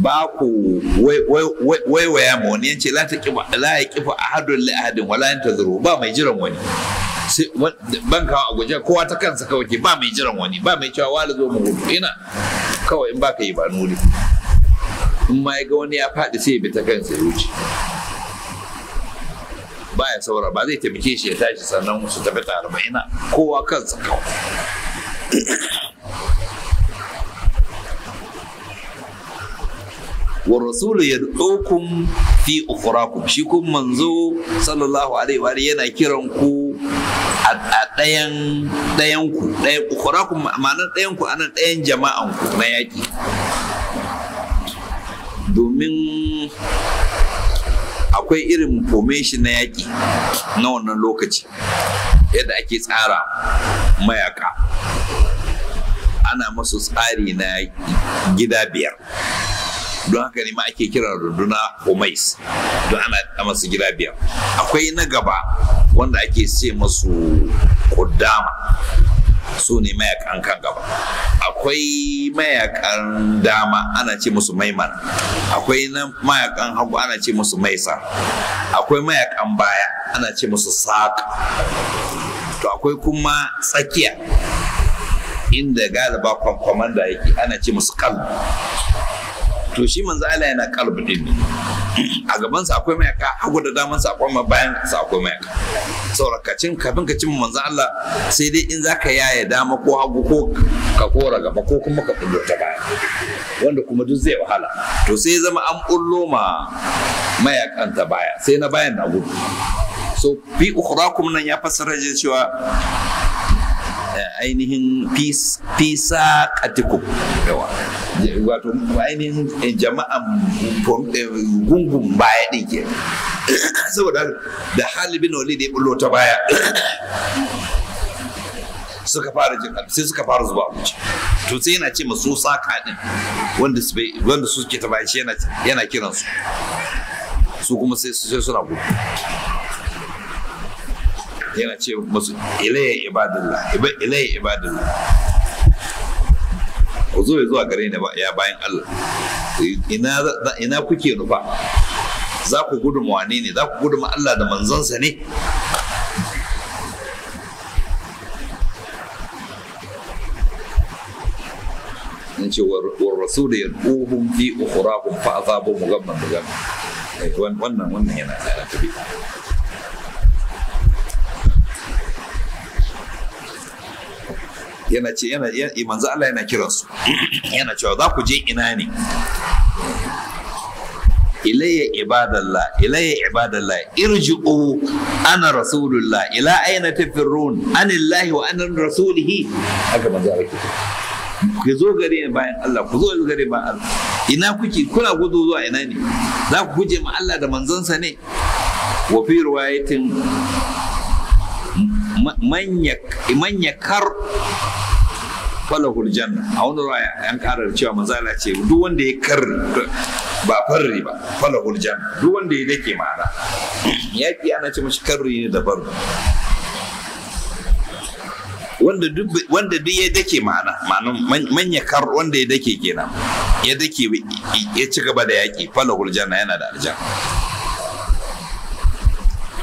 ba ku waiwaya ma wani yance la ta kifa la ya kifa ahadun li ahadin wala yantazuru ba mai jiran wani ban kawo a guje kowa ta kansa kawai ke ba mai jiran wani ba mai cewa wala zo mu gudu ina kawai in baka yi ba nuri in ma ya ga wani ya faɗi sai bi ta kansa ya wuce baya saura ba zai taimake shi ya tashi sannan su tafi tare ba ina kowa kansa kawai wa rasulu yad'ukum fi ukhrakum shi kun manzo sallallahu alaihi wa yana kiran ku a ɗayan ɗayan ku ɗayan ma'anar ɗayan ku ɗayan jama'an ku na yaƙi domin akwai irin formation na yaƙi na wannan lokaci yadda ake tsara mayaka ana masu tsari na gida biyar don haka ne ma ake kiran runduna homais don ana da masu gida biyar akwai na gaba wanda ake ce masu kudama su ne mayakan kan gaba akwai mayakan dama ana ce musu maiman akwai na mayakan hagu ana ce musu maisa akwai mayakan baya ana ce musu saƙa to akwai kuma tsakiya inda galiba da yake ana ce musu kallu. to shi manzo Allah yana kalbu din a gaban sa akwai mayaka hagu da daman sa akwai bayan sa akwai mayaka kafin ka cin manzo Allah sai dai in zaka yaya dama ko hagu ko ka kora gaba ko kuma ka kullo ta baya wanda kuma duk zai wahala to sai zama an kullo ma mayakan ta baya sai na bayan na gudu so fi ukhrakum nan ya fassara cewa eh, ainihin fisa saqatikum yawa wato ainihin eh, jama'an eh, gungun baya ɗin ke (coughs) saboda da halibin wali da ya bullo ta baya (coughs) suka fara jin sai suka fara zuwa wuce to sai yana ce masu saka din wanda su ke ta ke shi yana kiran su su kuma sai sai suna gudu yana ce masu ilayen ibadallah zo ya zuwa gare ni ba ya bayan Allah ina ina kuke nufa za ku gudu ma wane ne za ku gudu Allah da manzansa ne in ce wa rasul ya duhun fi ukhrahum fa azabun mugamman mugamman eh, wannan wannan yana da tafi yana ce yana eh, manzo Allah yana su yana cewa za ku je ina ne ilayya ibadallah ilayya ibadallah irji'u ana rasulullah ila aina tafirrun anillahi wa anan rasulihi haka manzo Allah ke zo gare ni bayan Allah ku zo gare bayan Allah ina kuke kuna gudu zuwa ina ne za ku guje ma Allah da manzansa ne wa fi riwayatin manya kar kwallo janna a wani ruwa yan karar cewa mazala ce duk wanda ya kar ba farri ba kwallo janna duk wanda ya dake ma'ana yaƙi ana ce mashi karri ne da bardo wanda duk ya dake ma'ana ma'anan manya kar wanda ya dake kenan ya dake ya ci gaba da yaƙi kwallo janna yana da aljanna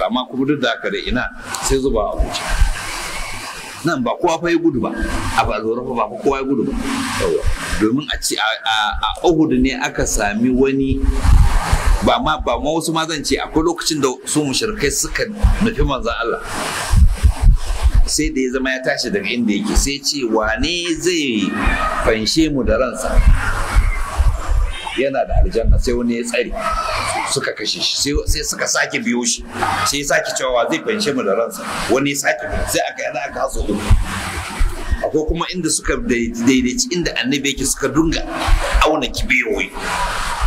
amma kuma duk da haka da ina sai zuba a wuce nan ba kowa fa ya gudu ba a ba zoro fa ba kowa ya gudu ba domin a ce a Uhud ne aka sami wani ba ma ba wasu ma zan ce akwai lokacin da su mushrikai suka nufi manzon Allah sai da ya zama ya tashi daga inda yake sai ce wane zai fanshe mu da ransa yana da aljanna sai wani ya tsare suka kashe shi sai suka sake biyo shi sai sake cewa zai fahimce mu da ransa wani sake sai aka yana aka haso uku ko kuma inda suka daidaici inda annabi yake suka dunga auna kibewoyi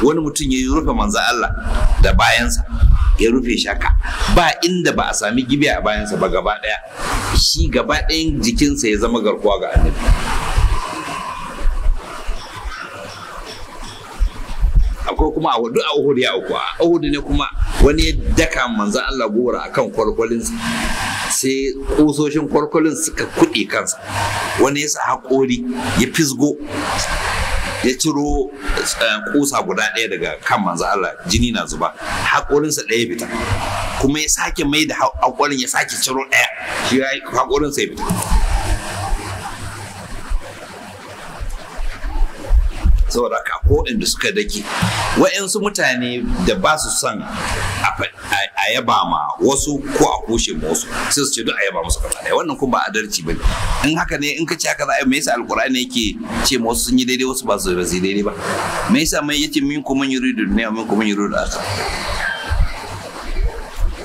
wani mutum ya rufe manzo Allah da bayansa ya rufe shaka ba inda ba a sami gibe a bayansa ba gaba daya shi gaba dayan jikinsa ya zama garkuwa ga annabi kuma a duk a Uhud ya uku, a Uhud ne kuma wani ya daka manzon Allah gora akan kwalkwalin sai kusoshin kwalkwalin suka kuɗe kansa wani ya sa haƙori ya fisgo ya ciro kusa eh, guda ɗaya daga kan manzo Allah jini na zuba haƙorinsa ɗaya fita kuma ya sake mai da haƙorin ya sake ciro ɗaya shi ya haƙorinsa ya fita saboda haka ko inda suka dake wa'yansu mutane da ba su son a yaba ma wasu ko a kushe ma wasu sai su ce duk a yaba musu kaza ɗaya wannan kuma ba adalci ba in haka ne in ka ce haka za a yi me yasa alkur'ani yake ce ma wasu sun yi daidai wasu ba su yi daidai ba me yasa mai yace min kuma yuridu ne min kuma yuridu aka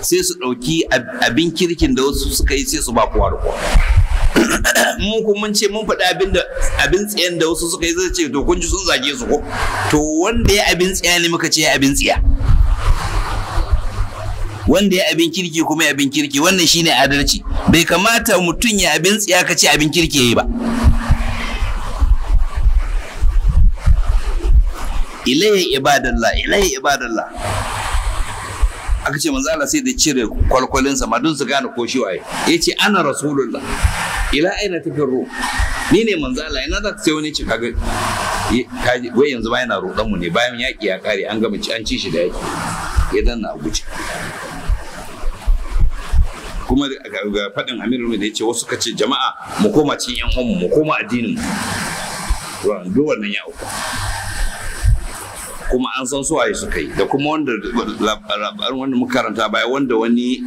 sai su ɗauki abin kirkin da wasu suka yi sai su ba kowa da kowa (coughs) Mun kuma mun ce mun faɗi abin da abin tsayen da wasu suka yi zai ce to kun ji sun zage su ko to wanda ya abin tsaya ne muka ce abin tsiya wanda ya abin kirki kuma ya abin kirki wannan shine adalci bai kamata mutum ya abin tsiya ka ce abin kirki yayi ba ilayya ibadallah ilayya ibadallah aka ce manzo Allah sai da cire kwalkwalinsa ma madun su gane ko shi waye yace ana rasulullah ila aina tafirru ni ne manzo Allah yana za sai wani ce kaga wai yanzu ba yana rodon mu ne bayan yaƙi ya kare an gama an ci shi da yaƙi idan na Abuja kuma ga faɗin Amirul da ya ce wasu kace ce jama'a mu koma cin yan uwanmu mu koma addinin mu duk wannan ya uku kuma an san su waye suka yi da kuma wanda labarin wanda muka karanta baya wanda wani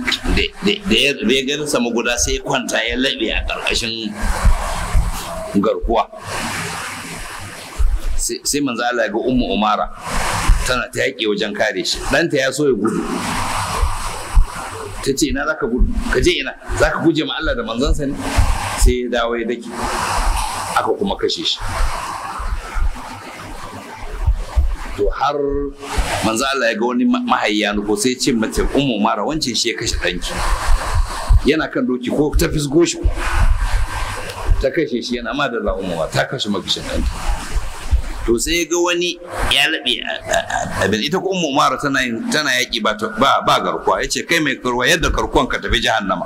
da ya sama guda sai kwanta ya laɓe a ƙarƙashin garkuwa sai manzo Allah ga ummu umara tana ta yaƙi wajen kare shi ɗanta ya so ya gudu ta ce ina za ka gudu ka je ina za ka guje ma Allah da manzansa ne sai ya dawo ya dake aka kuma kashe shi to har manzo Allah ya ga wani mahayya ko sai ce mace ummu mara wancan shi ya kashe ɗanki yana kan doki ko ta fisgo shi ta kashe shi yana ma da la'umuwa ta kashe makashin ɗanta to sai ga wani ya laɓe abin ita ko ummu mara tana tana yaƙi ba ba garkuwa yace kai mai garkuwa yadda garkuwan ka tafi jahannama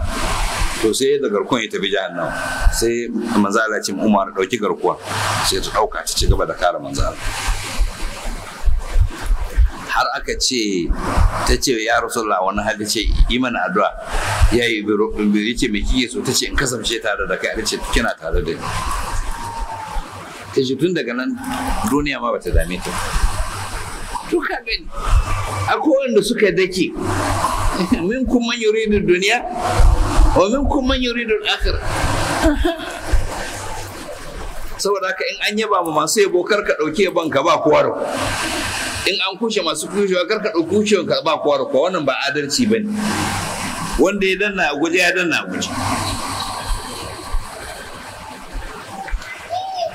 to sai yadda garkuwan ya tafi jahannama sai manzo Allah ce Umar dauki garkuwa sai ta dauka ta ci gaba da kare manzo Allah har aka ce ta ce ya rasulullah wani hali ce yi mana addu'a ya yi biro ya ce me kike so ta ce in kasance tare da kai a ce kina tare da ni ta ce tun daga nan duniya ma bata dame ta to ka gani akwai wanda suka dake (laughs) min kuma yuridu duniya wa min kuma yuridu akhir saboda haka in an yaba mu masu yabo kar ka dauke banka ba kowa da in an kushe masu kushewa kar ka dauke kushewa ba kowa da kowa wannan ba adalci bane wanda ya danna a guje ya danna a guje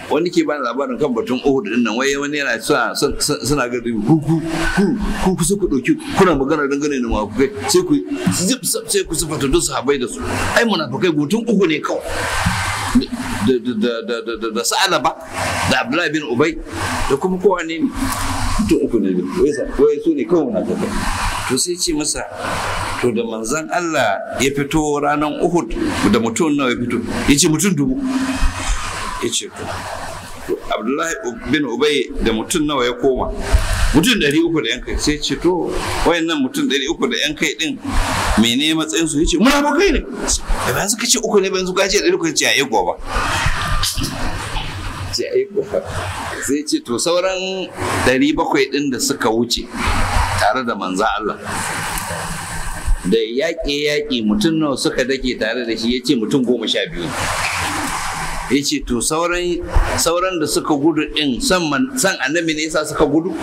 wani ke bani labarin kan batun uhu da dinnan wai wani yana suna suna ga ku ku ku ku sai ku dauki kuna magana dangane da munafikai sai ku zip sai ku sifata duk sahabbai da su ai munafikai gutun uhu ne kawai da da da da da sa'ala ba da Abdullahi bin Ubay da kuma kowa ne mutum uku ne wai su ne kawai munafikai to sai ce masa to da manzan Allah ya fito ranar Uhud da mutum nawa ya fito ya ce mutum dubu ya ce to Abdullahi bin Ubay da mutum nawa ya koma mutum ɗari uku da yankai kai sai ce to wayannan mutum ɗari uku da yankai kai ɗin mene matsayin su ya ce muna bakai ne da bayan suka ce uku ne bayan suka ce ɗari uku ce a yi gobe sai ce to sauran bakwai ɗin da suka wuce tare da manza Allah da yaƙe yaƙi mutum nawa suka dake tare da shi ya ce mutum goma sha biyu ya ce to sauran da suka gudu ɗin san annabi ne yasa suka gudu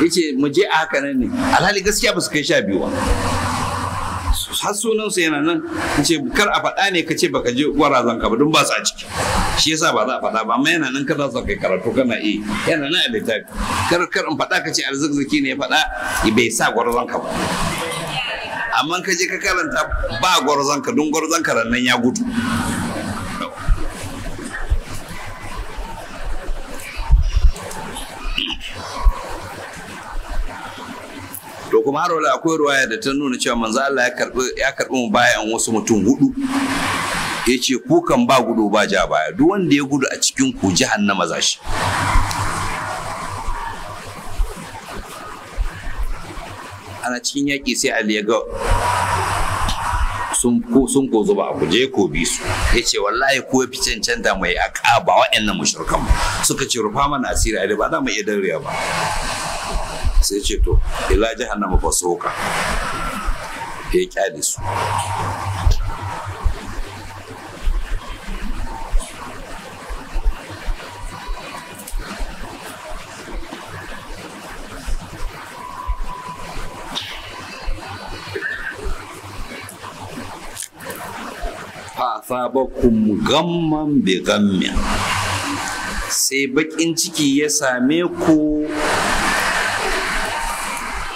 ya ce mu je a haka nan ne alhali gaskiya ba su kai sha biyu ba har sunansu yana nan ya ce kar a faɗa ne ka ce baka je warazan ka ba don ba su a ciki shi yasa ba za a faɗa ba amma yana nan kada za kai karatu kana yi yana nan a littafi kar kar in faɗa ka ce arziki ne ya faɗa bai sa gwarzon ka ba amma ka je ka karanta ba gwarzon ka don gwarzon ka nan ya gudu to kuma har wala akwai ruwaya da ta nuna cewa manzo Allah ya karbi ya karbi mu bayan wasu mutum hudu ya ce kukan ba gudu ba ja baya duk wanda ya gudu a cikin ku jahannama za shi ana cikin yaƙi sai Ali ya ga sun ko sun ko zuba a guje ko bi su ya ce wallahi ko fi cancanta mai aka ba wa'annan mushrikan suka ce rufa mana asiri Ali ba za mu iya dariya ba sai ce to ila jahannama fa soka ya kyale su fa'asabakum gamman bi gammin sai bakin ciki ya same ku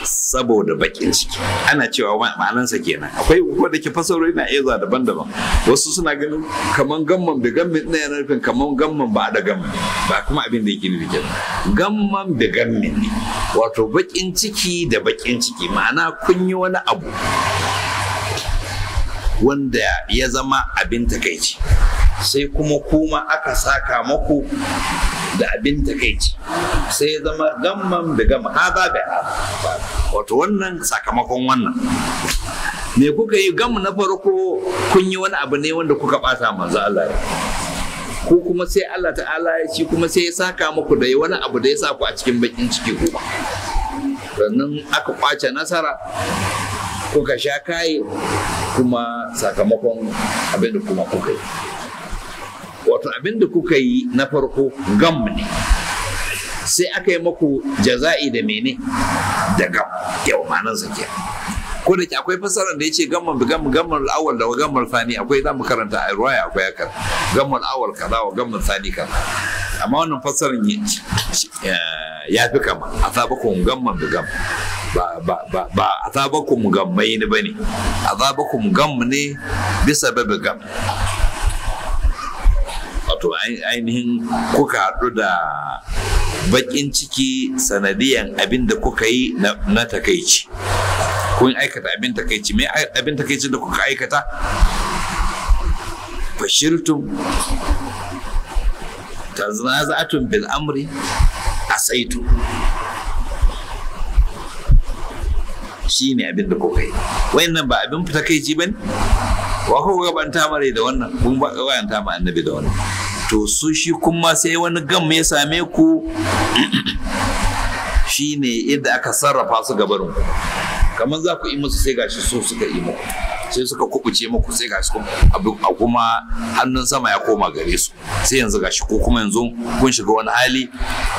saboda bakin ciki ana cewa ma'anansa kenan akwai wanda ke fasarori na iya zuwa daban-daban wasu suna ganin kaman gamman da gammin ɗaya na nufin kaman gamman ba da gamman ba kuma abin da yake nufi kenan gamman da gammin ne wato bakin ciki da bakin ciki ma'ana kun yi wani abu wanda ya zama abin takaici sai kuma kuma aka saka maku da abin takaici sai ya zama gamman da gama haza da wato wannan sakamakon wannan me kuka yi gamu na farko kun yi wani abu ne wanda kuka bata manzo Allah ko kuma sai Allah ta'ala ya ci kuma sai ya saka maku da wani abu da ya sa ku a cikin bakin ciki ku sannan aka kwace nasara kuka sha kaye kuma sakamakon abin da kuma kuka yi wato abin da kuka yi na farko gam ne sai aka yi maku jaza'i da mene da gam yau ma nan ko da ke akwai fasarar da gamar gammal gamar gamar awal da gamar sani akwai za mu karanta a ruwaya akwai haka gammal awal kaza wa gamar sani ka amma wannan fasarar ya fi kama a sabakon gamar da gamar ba A gammai ne bane mu gam ne bisa babu gam wato ainihin kuka haɗu da baƙin ciki sanadiyan abin da kuka yi na takaici kun aikata abin takaici me abin takaici da kuka aikata fashirtum tanzazatun bil amri asaitu ne abin da kuka yi wayannan ba abin takaici ne? wa kuka gabanta mare da wannan kun ba gabanta ma annabi da wannan to su shi kuma sai wani gam ya same ku (clears throat) Shi ne yadda aka sarrafa su gabarin ku kamar za ku yi musu sai gashi so suka yi muku sai suka kubuce muku sai gashi a kuma hannun sama ya koma gare su sai yanzu gashi ko kuma yanzu kun shiga wani hali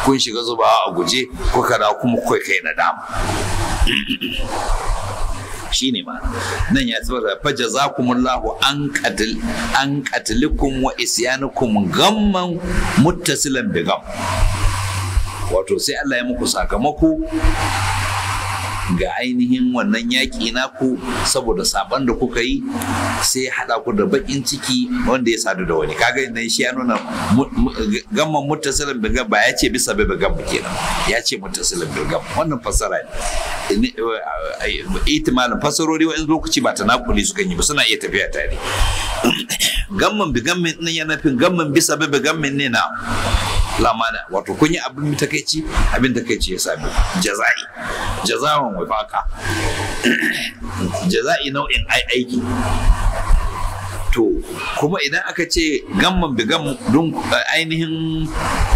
kun shiga zuba a guje ko kada kuma kai kai na dama shi ne ma nan ya tsara fa jazakumullahu an qatil an qatilukum wa isyanukum gamman muttasilan bi gam wato sai Allah ya muku sakamako ga ainihin wannan yaƙi naku saboda saban da kuka yi sai ya haɗa ku da baƙin ciki wanda ya sadu da wani kaga nan shi ya nuna gamman muttasilin bil ba ya ce bisa bil gam nan ya ce muttasilin bil wannan fasara ne itimalin fasarori wa'in lokaci ba ta nakuli sukan yi ba suna iya tafiya tare (coughs) gamman bi gammin yana fin gamman bisa bi gammin ne na lamana wato kun yi abin takaici abin takaici ya sami jaza'i jazawan wafaka jaza'i nau'in ai aiki to kuma idan aka ce gamman bi gam dun eh, ainihin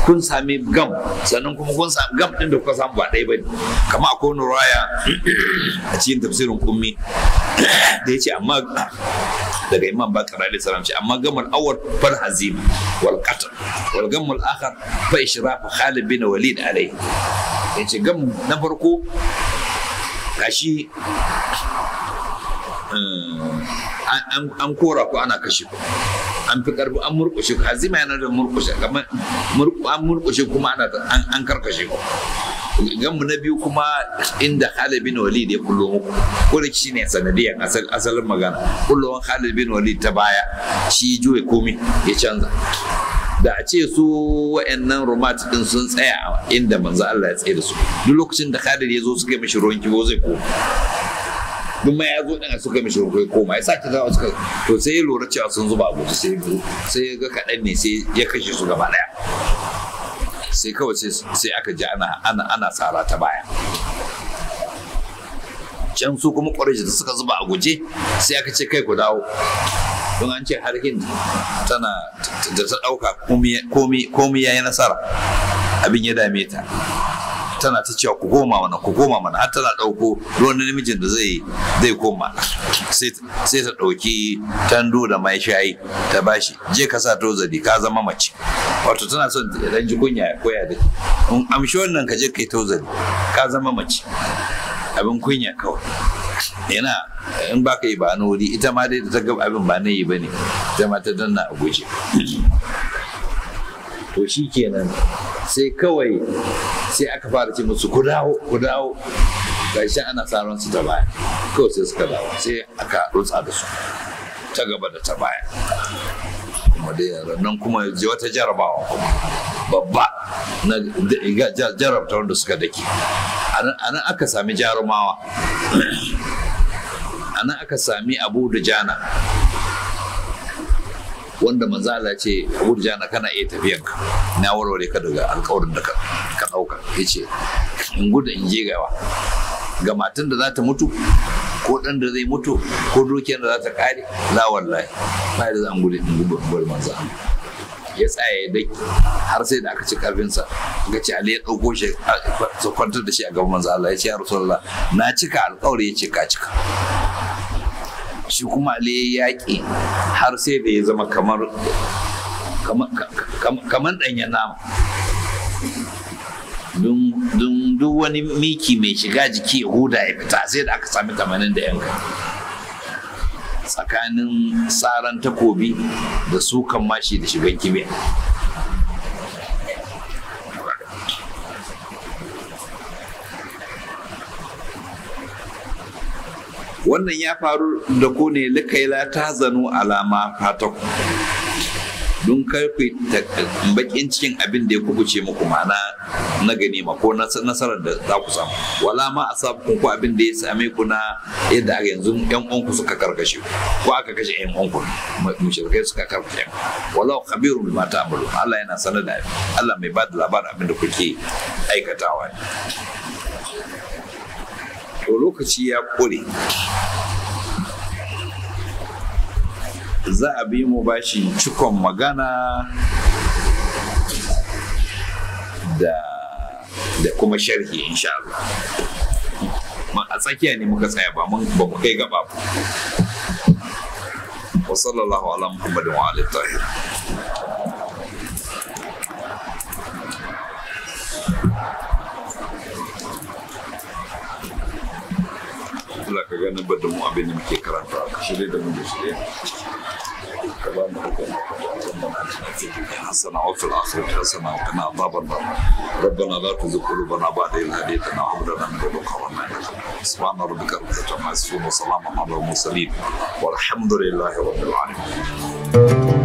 kun sami gam sannan kuma kun sami gam din da kuka samu ba ɗaya bane kama akwai kowane raya a cikin tafsirin kummi da ya ce amma daga imam ba alaihi salam ce amma gamar awar far hazim wal qatl wal gamal akhar fa ishraf khalid bin walid alaihi yace gam na farko gashi an kora ku ana kashe ku an fi karbi an murkushe ku hazima yana da murkushe kamar an murkushe kuma ana an karkashe ku ganmu na biyu kuma inda Khalid bin Walid ya kullo muku ko da shi ne sanadiyan asal asalin magana kullowan Khalid bin Walid ta baya shi juya komi ya canza da a ce su wa'annan romat din sun tsaya inda manzo Allah ya tsaye da su duk lokacin da Khalid ya zo suka mishi ruwan kibo zai koma kuma ya zo din a suka mishi rukwai koma ya ta zawa suka to sai ya lura cewa sun zuba a sai ya sai ya ga kaɗan ne sai ya kashe su gaba ɗaya sai kawai sai aka ji ana ana ana tsara ta baya can su kuma ƙwarji da suka zuba a guje sai aka ce kai ku dawo don an ce harkin tana da ta ɗauka komi ya yi nasara abin ya dame ta tana ta cewa ku goma mana ku goma mana har tana ɗauko ruwan namijin da zai zai koma sai ta ɗauki tando da mai shayi ta bashi je ka sa tozali ka zama mace wato tana son idan ji kunya ya koya da in amshi wannan ka je kai tozali ka zama mace abin kunya kawai yana in baka yi ba wuri ita ma dai ta ga abin ba na yi ba ne ita ma ta danna a guje to shi kenan sai kawai sai aka fara ce musu ku dawo ku dawo gashi ana tsaron su ta baya kawai sai suka dawo sai aka rutsa da su ta gaba da ta baya kuma dai nan kuma ji wata jarabawa kuma babba na jarabta wanda suka dake a nan aka sami jarumawa a nan aka sami abu da jana wanda manzo Allah ce na kana iya tafiyan ka na warware ka daga alƙawarin da ka ɗauka yace in gudu in je gawa ga matan da za ta mutu ko ɗan da zai mutu ko dukiyar da za ta ƙare la wallahi ba da zan gudu in gudu bar manzo Allah ya tsaya ya dai har sai da aka ci sa ga ci Ali ya ɗauko shi a kwantar da shi a gaban manzo Allah ya ce ya Rasulullah na cika alƙawari ya ce ka cika shi kuma ali yaƙi har sai da ya zama kamar kamar ɗanya nama duk wani miki mai shiga jiki ya huda ya fita sai da aka sami tamanin da yanka tsakanin tsaron takobi da sukan mashi da shigan kimiyya wannan ya faru da ku ne likaila ta zanu alama fatako. don kar ku bakin cikin abin da ya kubuce muku ma'ana na gani ma, ko nasarar da za ku samu wala ma a sabukun ku abin da ya same ku na yadda a yanzu yan uwanku suka karkashe ko aka kashe yan uwanku mushrikai suka karkashe wala khabirun bima ta'malu Allah yana sanar da Allah mai ba da labarin abin da kuke aikatawa to lokaci ya kore za a bi mu bashi cikon magana da da kuma sharhi insha Allah a tsakiya ne muka tsaya ba mun ba mu kai gaba ba wa sallallahu ala muhammadin wa alihi ganin da mu abin da muke karanta a shirye da mu da shirye ka ba mu hukum hasana wa fil akhirati hasana wa qina adhaban nar rabbana la tuzigh ba'da idh hadaytana wa hab lana min ladunka rahmatan subhana rabbika rabbil
izzati amma yasifun wa salamun ala al mursalin walhamdulillahi rabbil alamin